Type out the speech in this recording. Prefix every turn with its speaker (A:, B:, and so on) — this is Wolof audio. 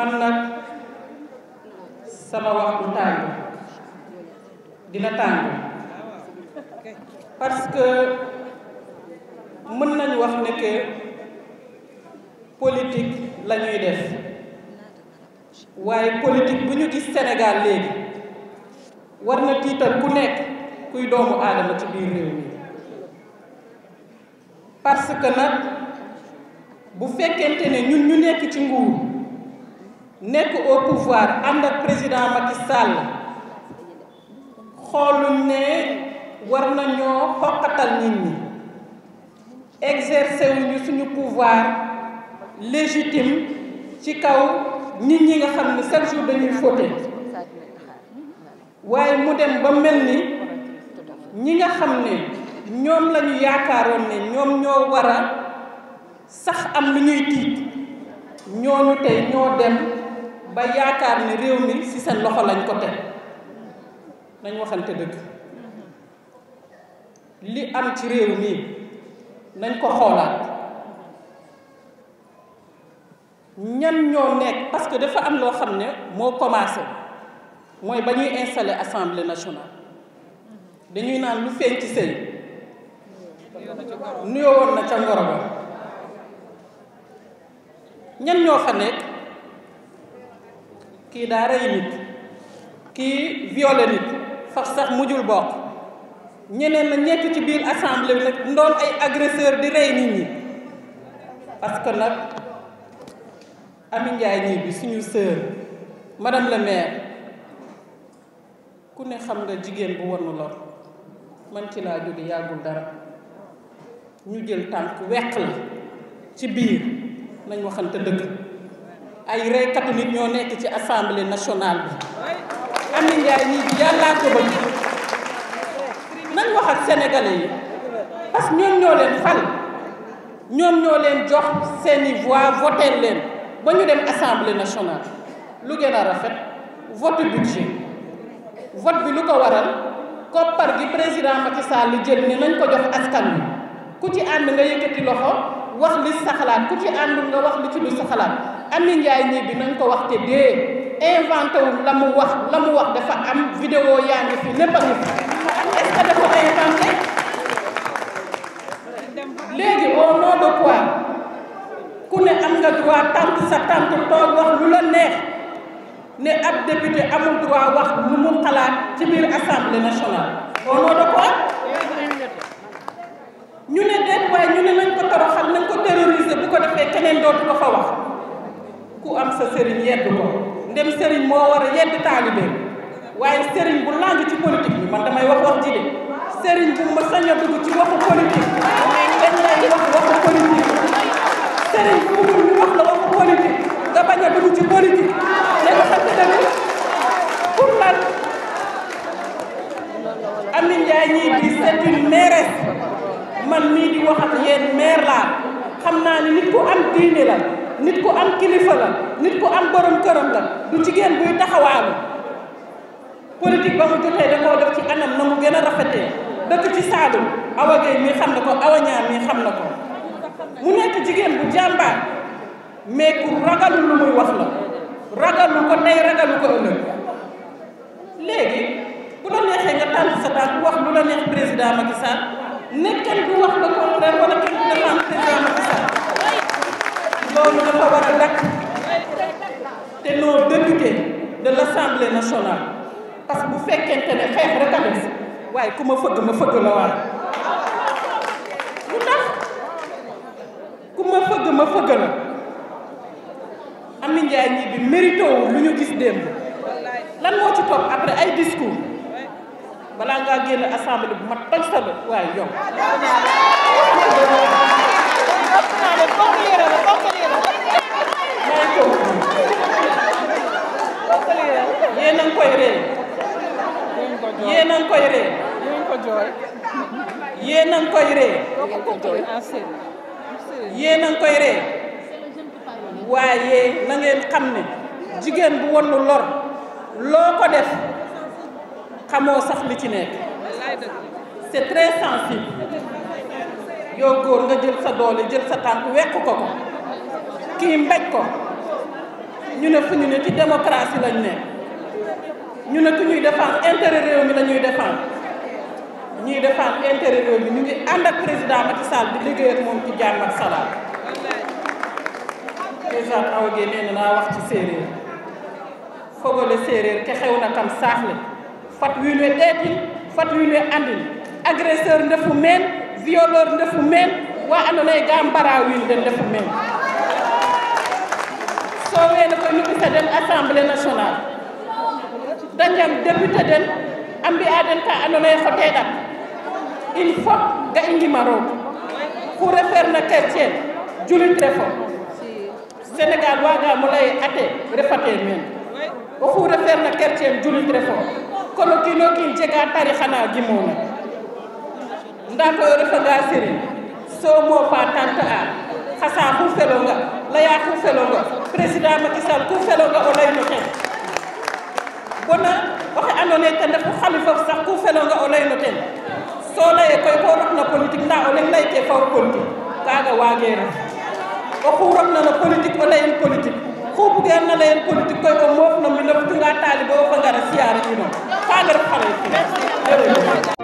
A: man nag sama wax du tàng dina tàng parce que mën nañu wax ne que politique def waaye politique bu ñu gis Sénégal léegi war na tiital ku nekk kuy doomu aadama ci biir réew mi parce que nag bu fekkente ne ñun ñu nekk ci nguur nekk au pouvoir ànd ak président Macky Sall xooluñ ne war nañoo xoqatal nit ñi exercer suñu pouvoir légitime ci kaw nit ñi nga xam ne chaque jour dañuy fóote waaye mu dem ba mel ni ñi nga xam ne ñoom lañu ñu yaakaaroon ne ñoom ñoo war a sax am lu ñuy tiit ñooñu tey ñoo dem. ba yaakaar ne réew mi ci sa loxo lañ ko teg nañ waxante dëgg li am ci réew mi nañ ko xoolaat ñan ñoo nekk parce que dafa am loo xam ne moo commencé mooy ba ñuy installer assemblée nationale dañuy naan lu feeñ ci sëy nuyoo woon na ca ngoro ba ñan ñoo fa nekk kii daa rey nit kii violé nit faf sax mujjul bokk ñeneen na ñett ci biir assemblée bi nag ndoon ay agresseur di rey nit ñi parce que nag Ami Ndiaye ñii bi suñu sœur madame la maire ku ne xam nga jigéen bu wanu lor man ci laa jóge yàggul dara ñu jël tànk weq la ci biir nañ waxante dëgg ay reykatu nit ñoo nekk ci assemblée nationale bi Amy Ndiaye ñii yàllaa ko bëgg nañ wax ak sénégalais yi parce que ñoom ñoo leen fal ñoom ñoo leen jox seeni voix voté leen ba ñu dem assemblée nationale lu gën a rafet vote budget vote bi lu ko waral koppar gi président Macky Sall lu jël ni nañ ko jox askan wi ku ci ànd nga yëkkati loxo wax li sa xalaat ku ci ànd nga wax li sa xalaat Ami Ndiaye nii bi nañ ko wax te dee inventé la mu wax la mu wax dafa am vidéo yaa ngi fi lépp a ngi léegi au nom de quoi ku ne am nga droit tant sa tant toog wax lu la neex ne ab député amul droit wax lu mu xalaat ci biir assemblée nationale au nom de ñu ne déet waaye ñu ne nañ ko toroxal nañ ko terroriser bu ko defee keneen dootu ko fa wax ku am sa sëriñ yedd ko ndem sëriñ moo war a yedd taalibe waaye sëriñ bu làngu ci politique bi man damay wax wax ji de bu ma sañ a ci waxu politique dañ lay wax waxu politique sëriñ bu diini la nit ku am kilifa la nit ku am borom këram la du jigéen buy taxawaalu politique ba mu jotee da def ci anam na mu gën a rafetee dëkk ci Saalum Awa Gueye mii xam ne ko Awa Niang mii xam na ko mu nekk jigéen bu jàmbaar mais ku ragalu lu muy wax la ragalu ko tey ragalu ko ëllëg léegi bu la neexee nga tànn sa daal wax lu la neex président Macky Sall nekkal du wax le contraire wala kenn dafa loolu dafa war a dakk te nos députés de l'Assemblée nationale parce que bu fekkente ne xeex rek a des waaye ku ma fëgg ma fëgg la waay lu tax ku ma fëgg ma fëgg la Amy Ndiaye ñi bi mérito wu lu ñu gis démb lan moo ci topp après ay discours balaa ngaa génn assemblée bu ma toj sa waaye yow. koy ree yéen ko jooy yéen a koy ree yéen ah, ah, nañ ngi koy ree waaye na xam ne jigéen bu wonnu lor loo ko def xamoo sax li ci nekk c'est très sensible yow góor nga jël sa doole jël sa tànk wekk ko ko kii mbéj ko ñu ne fu ñu ne ci démocratie lañ nekk ñu ne ku ñuy défendre intérêt réew mi lañuy ñuy ñuy défendre intérêt mi ñu ngi ànd ak président Macky Sall di moom ci jàmm ak salaam président Awa Guèye nee na naa wax ci séeréer fogole séeréer ke xew na kam saaxle fat wiin we ɗeetin fat wiin we andin agresseur ndefu meen violeur ndefu meen wa andoona yee ga mbara wiin den ndefu meen so weene koy nu ɓisa den assemblée nationale dañam député den ambi'aaden ka andoona yee xoteeɗat il faut ga'ingiima roog ku refeerna quartier julit refo sénégal waagaam o lay ee ate refatee meen oxu refeerna quartier julit refo kono kiin o kiin jega tarixa na gimoona ndaa koy o refanga sériñ soo moofa tante a xasa xu felonga laya xu felonga président Macky Sall ku felonga o lay no wona oxe andoona yee ten refu xalifof sax ku felonga o layno ten so laye koy ko rokna politique ndaa o leŋ layke faw politique kaaga waagee ref oxu rokna no politique o layin politique xu bugeerna layin politique koy o moof no mbinof tunga taalibe o fangara siyaare ino kaaga ref xale